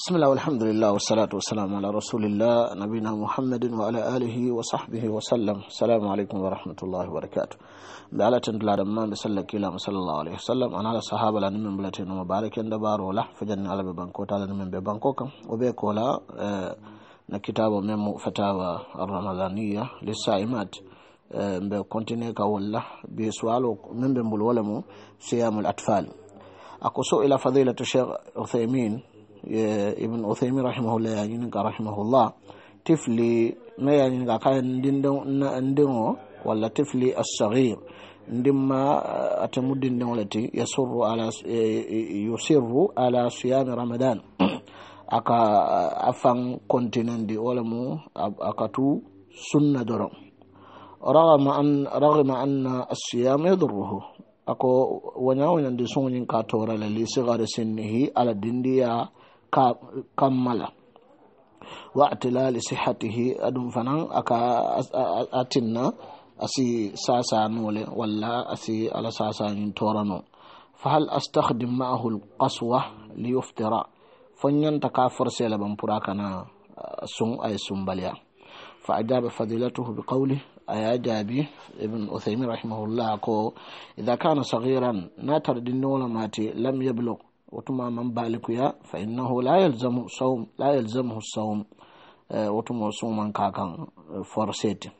بسم الله والحمد لله والصلاة والسلام على رسول الله نبينا محمد وعلى آله وصحبه وسلم السلام عليكم ورحمة الله وبركاته بألا تندل على ما بسلا كلا صلى الله عليه وسلم أنا على الصحابة لأن من بلتين ومبارك عند بار ولا فجن على ببنكو تعالى من ببنكوكم وبيكو لا نكتاب من فتاوى الرمضانية للسائمات مbe continue ka من bi sualo min be mbul wala mo siyamul atfal ako Eh, ibn uthaymi rahimahullah ya yin ka rahimahullah tifli na ya yin ka kan din na wala tifli as-saghir ndin ma eh, ata muddin din wala ti yasurru ala eh, yusirru ala siyam ramadan aka afan kontinan di wala mu akatu sunna doron رغم أن رغم أن الصيام يضره ako wanya wanyan da sun yin katora lalle sigar sinnihi ala dindiya kammala watilali sihatihi aɗum fanan aka atinna asi sasanole walla asi ala sasanin torano fahal astahdim maahu lkaswa liuftira fonyanta ka forsele ban pura kana sun ay sumbaliya fa ajaba fadilatuhu biqawlih aya jaabi ibn uthaymin rahimahullah ko ida kana sagiran na tardinnola mate lam yablug wato ma man baliku ya fa inna la yalzamu sawm la yalzamu sawm wato ma su man kakan forset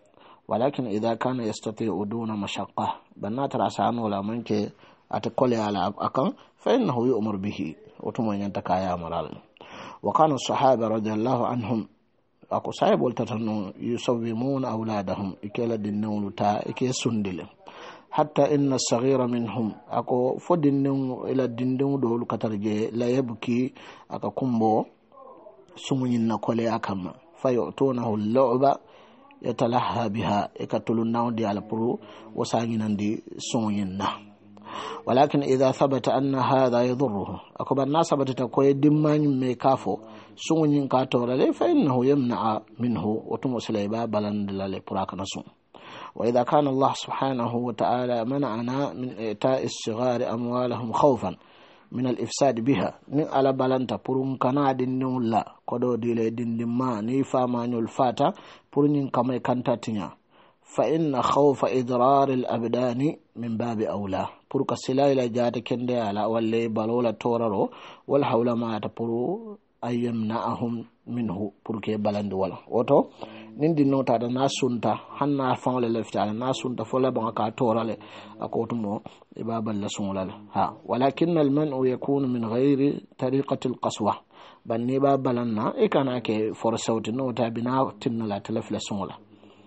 walakin idza kana yastati uduna mashaqqa banna tara sanu la man ke ata kole ala akan fa inna hu bihi wato ma yanta kaya maral wa kana sahaba radiyallahu anhum ako sahibul tatannu yusawwimuna awladahum ikela dinnu ta ike hatta inna sagira minhum ako fo dindiŋ ila dindiŋ doolu ka tara je la yabki aka kumbo sumuñin na koleya kamma fa yutunahu loba yatalaha biha i e ka di ala pour wo sa ñinandi na walakin idha thabata anna hadha yadurruhu ako bari na sabatita koye dimmañum me ka fo ka torale fa innahu yamnaa minhu wotumo sila i ba balandila kana suŋ وإذا كان الله سبحانه وتعالى منعنا من إيتاء الصغار أموالهم خوفا من الإفساد بها من على بلانتا برون كنا دين لا كدو ديلي دين ما نيفا ما نلفاتا برون كما كانتا تنيا فإن خوف إضرار الأبدان من باب أولى برك سلا إلى جاد كندي على ولي بلولا توررو والحول ما تبرو أيمنعهم minhu pour que balandi wala woto nin nota da na sunta hanna faŋo le na sunta fo labaŋa ka torale le a kotumo i la balla suŋola le ha walakinna yakunu min ghairi tariqati alqaswa ban ni ba balan na i e kana ke for no nota bina tinna la tele la sunula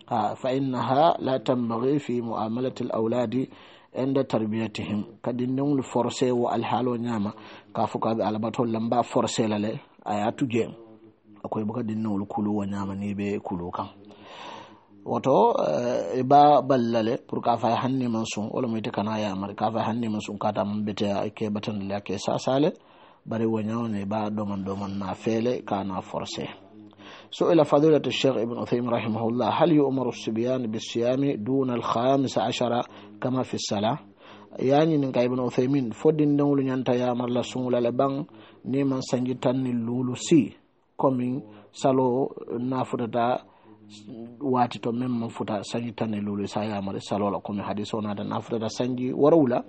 ha fa innaha la tambagi fi muamalati awladi inda tarbiyatihim kadin ndiŋolu forse wo alhaalo ñama ka fo ka be lamba forse la le a akoy buka dinnolu kuluwo ñama ni ɓe kulu kan ba ballale pour ka fay hanni man sun wala moyte kana yamare ka fay hanni man sun kata man bete ke batanale ake sasale bari wo ñawne ba doman doman na feele kana forcé سئل فضيلة الشيخ ابن عثيم رحمه الله هل يؤمر الصبيان بالصيام دون الخامس عشر كما في الصلاة yani nin ka ibn uthaymin fodin dawlu nyanta ya marla sungula le bang ni man sanjitan ni lulu si coming salo na da wati to men man futa sanji tan e lulu sa salo la komi hadiso na da na nata da sanji warawla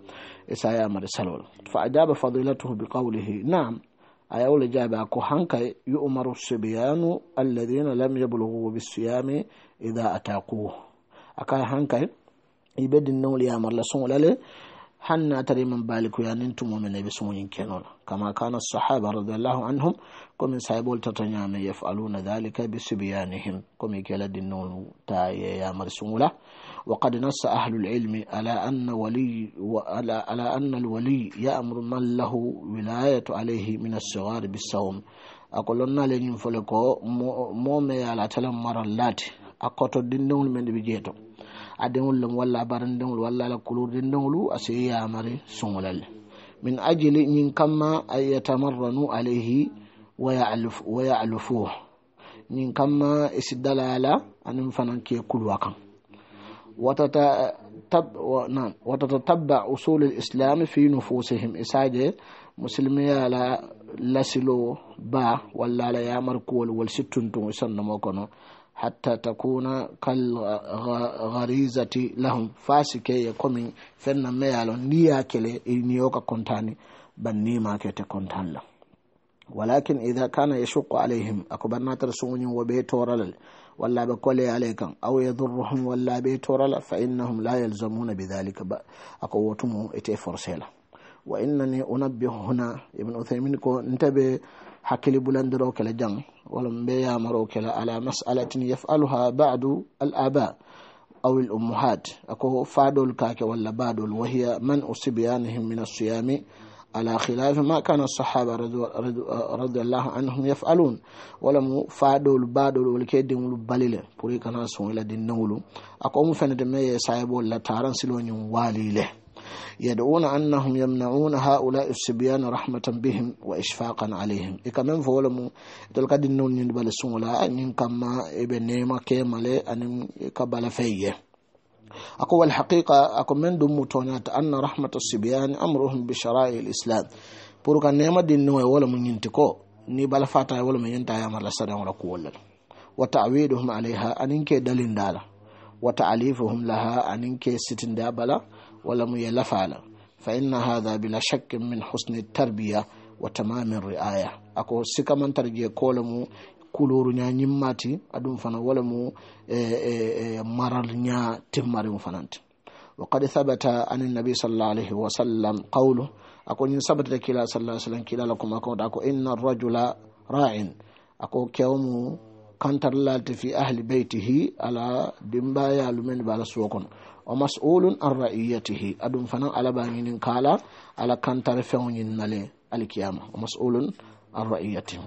e sa yamare salo fa ajaba fadilatuhu bi qawlihi naam aya wala jaba ko hanka yu umaru sibyanu alladhina lam yablughu yablugu bisiyami ida ataquhu akay hankay ibe dinnawol yamarla soŋolale hanna tari man baliku ya nin tumo men be sumo yinke non kama kana sahaba radiyallahu anhum ko min sahibol tato nyame yaf'aluna dhalika bi subyanihim ko mi kala dinnonu ta ya mar sumula wa qad nassa ahlu al-ilm ala anna wali wa ala ala anna al-wali ya'muru man lahu wilayatu alayhi min as-sighar bis-sawm akolon na le nyim fole ko mo me ala talam marallati akoto dinnonu men be jeto a dingul wala barin dingul wala la kulur din dingulu a sai ya mare sunulal min ajili nyin kama ay tamarranu alayhi wa ya'alif wa ya'alifu nyin kamma isdalala anin fanan ke kulwa kan wata ta tab wa tabba usul islam fi nufusihim isaje muslimi ya la lasilo ba wala la ya markuwal wal sittun tun sannan makono hatta takuna kal gharizati lahum fasike ya komin fenna meyalo niya kele niyo ka kontani banni ma kete kontan la walakin idha kana yashqu alaihim akubanna tarsunyin wa be toralal walla be kole alaykan aw yadurruhum walla be torala fa innahum la yalzamuna bidhalika ba akowotumo ite forcela wa innani unabbihu huna ibn uthaymin ko ntabe hakkili bulandiro kele jang walla mbe yamaro kele ala masalatin yafaluha badu al aba aw l ummahat ako faɗol kake walla baɗol wahiya man u sibyanihim min assiyami على خلاف ما كان الصحابة رضي الله عنهم يفعلون ولم فادوا البادل والكيدين والبليل بوري كان سوى لدينا ولو أقوم فندم يسايبوا لتارن سلون يوم والي له yad'una annahum yamna'una ha'ula'i as-sibyan rahmatan bihim wa ishfaqan alayhim ikamem fo wala mu dol kadi non ni bala sunwala anin kamma e nema ke male anin ka bala ako wal haqiqa ako men dum mutonata anna rahmatu sibyan amruhum bi shara'i al-islam pour nema din no wala mu nyinti ko ni bala fata wala mu nyinta ya mala sadan wala ko wala wa ta'widuhum alaiha anin ke wa ta'alifuhum laha anin ke bala ولم يلفعل فإن هذا بلا شك من حسن التربية وتمام الرعاية أكو سكا من ترجي كولمو kuluru nya nyimmati adum فانا wala mu e, e, e, maral وقد ثبت عن النبي صلى الله عليه وسلم قوله أكو إن ثبت كلا صلى الله عليه وسلم كلا لكم أكو إن الرجل راع أكو كيومو kantarlalte fi ahli beytihi ala dimbayalumen be ala suwo kono o masulun an ra'iyatihi aɗum fanan alaba ñinin kala ala kantare fewñin nale alkiyama o masulun an ra'iyatihim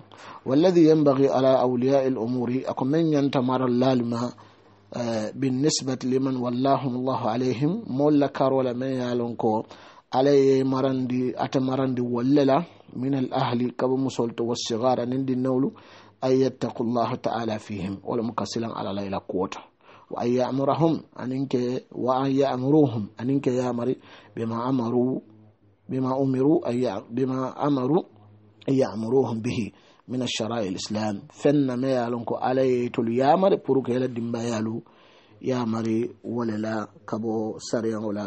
walladi yambagi ala auliyai l umuri ako men ñanta maral lalima بالنسبة لمن ولاهم الله عليهم مولا كارولا من يالونكو علي مرندي أتمرندي وللا من الأهل كبو مسولت والصغار نندي نولو an yattaku llahu taala fihim wolemu kasilan ala layla kuwoto wa an yamurahum aninke wa an yamuruhum aninke yamari bima amaru bima umiru bima amaru yamuruhum bihi min asharai lislam fenna me yalon ko ala yamari pour que yela dimba yalu yamari wolela kabo sariyaŋola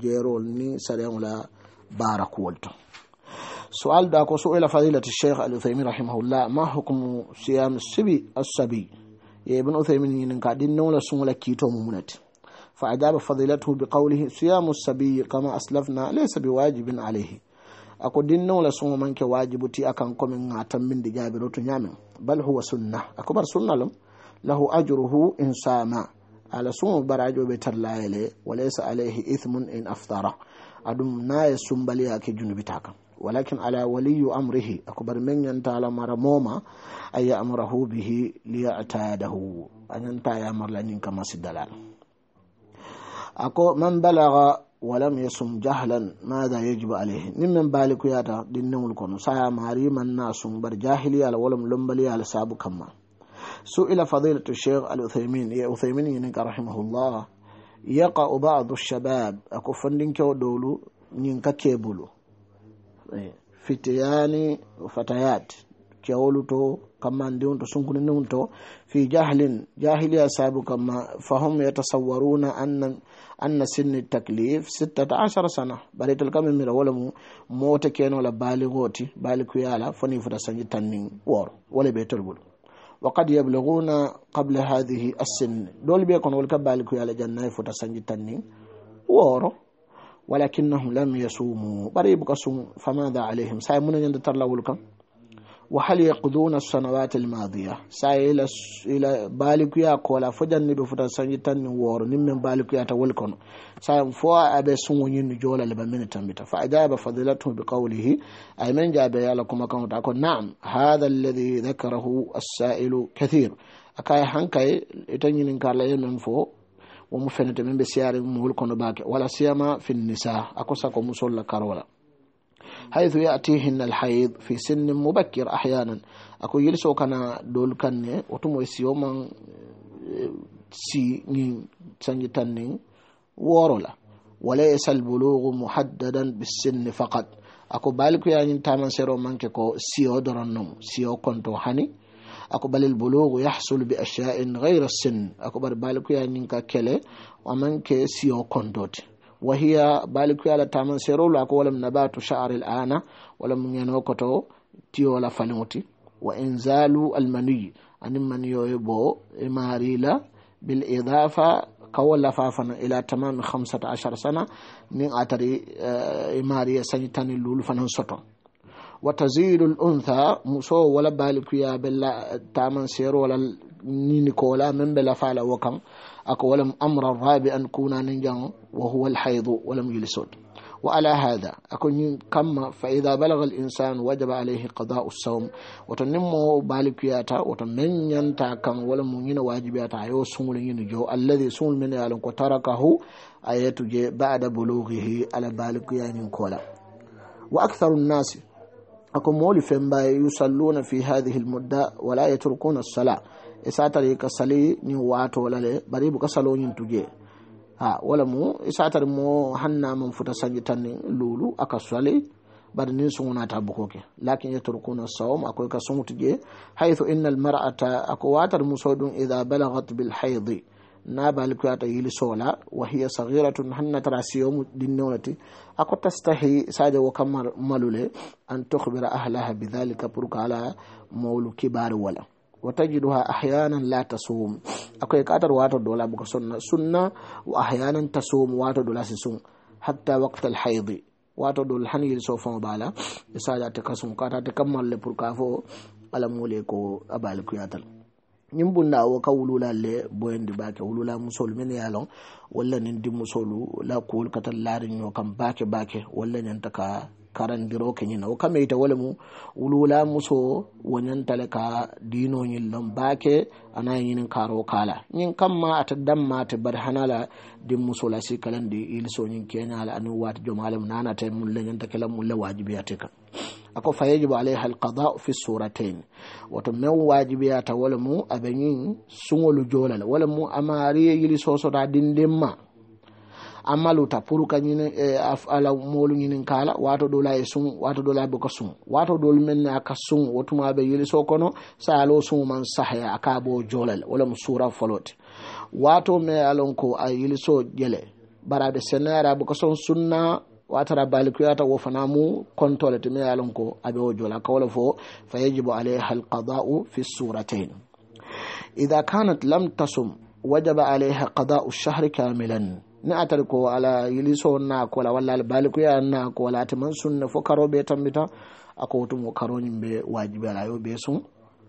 jeerol ni sariyaŋola baara سؤال داكو سئل فضيلة الشيخ الأثيمين رحمه الله ما حكم صيام السبي السبي يا ابن أثيمين ينقادين نولا سمولا كيتو ممنت فأجاب فضيلته بقوله صيام السبي كما أسلفنا ليس بواجب عليه أكو دين نولا سمو منك واجب تي أكن كومن عتم من دجاب رتنيام بل هو سنة أكبر سنة لم له أجره إن سام على سمو براجو بترلا وليس عليه إثم إن أفطر أدم نايس سنبلي أكي جنوب تاكم ولكن على ولي أمره أكبر من ينتال مرموما أي أمره به ليعتاده أن ينتهي يأمر لنين كما سدلال أكو من بلغ ولم يسم جهلا ماذا يجب عليه نمن بالك ياتا دينول الكون سايا ماري من ناس بر جاهلي على ولم لمبلي على سابو كما سئل فضيلة الشيخ الأثيمين يا أثيمين ينك رحمه الله يقع بعض الشباب أكو فندين كو دولو ينك كيبولو Eh. fitiyani fatayat kewolu to kammandiun to sunkuninun to fi jahlin jahiliya saabu kama fahum yatasawaruna anna anna sinni taklif sittata sana bari tal kamin mira wala mu mota kenola baali gooti baali kuyala foni fota sañi tannin wooro wala be tolbul wa kad yabluguna qabla hadihi assinni doolu be kono wol ka baali kuyala jannayi futa sanji tannin woro ولكنهم لم يصوموا بري بقصوم فماذا عليهم ساي من يندتر لولكم وهل يقضون السنوات الماضية ساي إلى إلى بالك يا كولا فجن بفتا سنجتن وور نمن بالك يا تولكم ساي فوا أبي سموني نجولا لبمن تنبتا فأجاب فضلته بقوله أي من جاب يا لكم أكون تقول نعم هذا الذي ذكره السائل كثير أكاي هنكاي إتنين كارلا يمن فو ومفنتي من بسياري مول كونباك ولا سيما في النساء أكوساكو مصول كارولا حيث يأتيهن الحيض في سن مبكر أحيانا أكو يلسو كان دول كان وتمو يسيوما سي ني ورولا وليس البلوغ محددا بالسن فقط أكو بالكو يعني تامن سيرو منكي كو سيو درنم سيو كنتو حني ako balel bologo yahsul bi ashyain gayra sin ako bar balikuya ninka kele wamanke siyo kondote wahiya balikuya la taman serolu ako walam nabatu sha'ari l ana walam ñanokoto tiyola faliŋoti wa inzalu almaniyi anin maniyoye bo imarila bil idafa kawalla fafana ila tamami hamsata ashar sana nin atari imariya sañi tani lulu fanan soto وتزيل الأنثى مسو ولا بالك يا بلا تامن سير ولا نيني كولا من بلا فعل وكم أكو ولم أمر الرابع أن كونا ننجان وهو الحيض ولم يلسد وعلى هذا أكون كما فإذا بلغ الإنسان وجب عليه قضاء الصوم وتنمو بالك ياتا وتمن ينتا كان ولا من واجب ياتا يو سمول جو الذي سمول من يالن وتركه آيات بعد بلوغه على بالك يعني كولا وأكثر الناس ako moolu fembaye yusalluna fi hadihi lmudda wala yatrukuna sala isa e tari ka sali ñiŋ waatola le bari buka saloo ñiŋ tuje ha wala mu isa e mo hanna futa sanji tanni luulu aka sali bari niŋ suŋo naata lakin yatrukuna sawm ako ka suŋo tuje haythu inna almar'ata ako waatari musoo duŋ ida balagat bilhaidi na bali kuyata yili sola wa hiya saghiratun hanna tara siyomu dinnonati ako tastahi saje wo kam malule an tukhbira ahlaha bidhalika pour ko ala mawlu kibaru wala wa tajiduha ahyanan la tasum akoye katar wato dola buka sonna sunna wa ahyanan tasum wato dola si sun hatta waqta alhaidi wato dol han yili so fon bala saje ate kasum kata te kammalle pour ka fo ala mule ko abali kuyatal ñiŋ na wo ka wululaal le boyindi baake wulula musolu minnu ye a loŋ walla niŋ dimusolu la kuwolu ka tara laariŋ ñoo kaŋ baake baake walla ñanta ka karandiro ke ñina wo kame ite wo lemu wulula muso wo ñanta le ka diino ñiŋ loŋ baake ana ye ñiniŋ kaaro kaa la ñiŋ kamma ate damma bari hana la dimmuso la sikkalandi iliso ñiŋ keña la aniŋ waati joma lemu naanate mun le ñanta ke la mun le waajibiyate kaŋ ako fa yajibu alayha alqada fi suratain wato men wajibiyata wala mu abeñin suŋolu jolale wala mu amariye yili sosota dindinma amaluta pour ka ñini eh, ala moolu ñinin kala wato dola ye sun wato dola e boka sun wato dolu men na ka sun wotuma be yili so kono salo sun man sahaya aka jolal wala mu sura folote wato me alon ko so jele barabe senara boka son sunna watara balikuyata wo fanamu kontole teme ye ko aɓe wo jola kawla fo fa yajibu alayha alqada'u fi suratain ida kanat lam tasum wajaba alayha qada'u shahri kamilan ni atari ko ala yiliso na kola walla balikuya na kola ati man sunna fo karo be tambita ako wotumo karoñim be wajibi ala be sun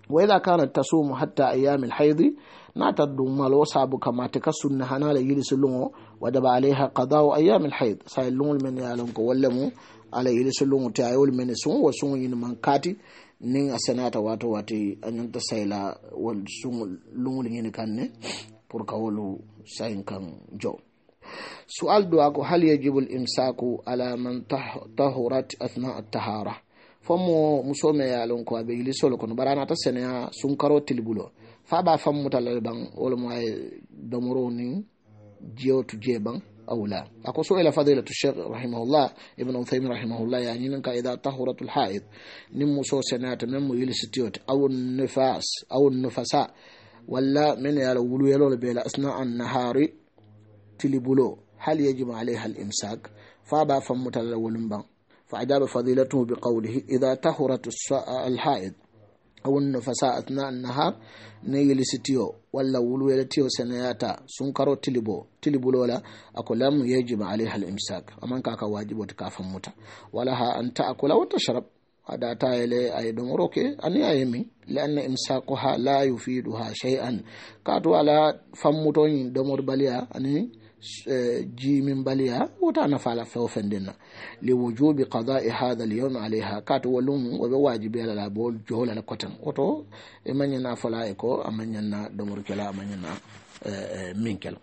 wa ida kanat tasum hatta ayami alhaydi nata dum malo sabu kamata ka sunna hanala yilisu lungo wadaba alayha qada'u ayyam alhayd sai lungul men ya lon ko walla mu ala yilisu lungo ta ayol men sun wa sun yin man kati nin asanata wato wati anyan ta saila wal sun lungul yin kanne pour ka wolu sayin kan jo su'al do ako hal yajibu al-imsaku ala man tahurat athna at-tahara fomo musome ya lon ko abe yilisu faɓa fammutala ɓan wolemo ay domoro nin jewtu jee ɓan أو لا أقول فضيلة الشيخ رحمه الله ابن عثيمين رحمه الله يعني أنك إذا طهرت الحائض نمو سو سنات نمو يلستيوت أو النفاس أو النفساء ولا من يلولو يلول بلا أثناء النهار تلبلو هل يجب عليها الإمساك فابا فمتلول فأجاب فضيلته بقوله إذا طهرت الحائض aw nufasa athna annahar ne yilisitiyo walla wulweletiyo seneyata sunkaro tilibo tilibulola ako lam yajibu alayha alimsak aman kaka wajibo ti kafan muta wala ha an taakula wa tashrab ada ta yele ay domoroke ani ayemi lianna imsakuha la yufiduha shay'an kaatu ala fammutoñin domor baliya ani Eh, jimin baliya wuta na fala fewo fendinna li wujubi qada'i hadha al-yawm alayha kato walum wa be wajibi ala la bol jola na kotan oto e manyana fala e ko amanyana domur kala amanyana eh, eh, minkel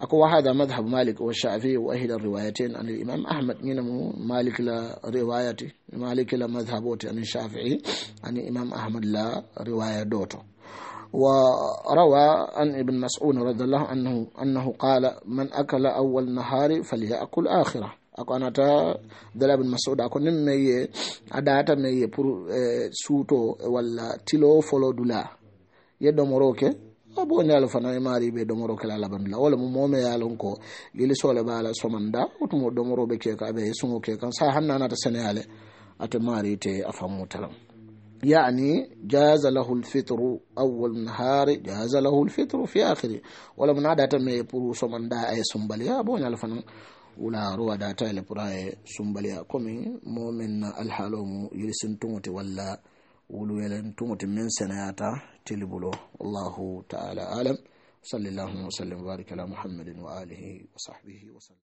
ako wa hadha madhhab malik wa shafi wa ahli riwayatin an al-imam ahmad min malik la riwayati malik la madhhabati an shafi'i an imam ahmad la riwaya doto وروى عن ابن مسعود رضي الله عنه أنه قال من أكل أول نهار فليأكل آخره ako anata dala bin masud ako nin me ye adata me ye pour eh, suto walla tilo folo dula ye domoro abo ne fana e mari be domoro ke la bandula wala mo mome ya ko lili sole bala somanda otumo domoro be ke ka be sungo ke kan sa hanna nata senale ate mari te afamu talam يعني جاز له الفطر أول نهار جاز له الفطر في آخره ولا من عادة ما يبرو سمن دا أي سنبليا بون الفن ولا روا دا تايل براي سنبليا كومي مومن الحالوم يرسن تموت ولا ولو يلن تموت من سنياتا تلبلو الله تعالى أعلم صلى الله وسلم وبارك على محمد وآله وصحبه وسلم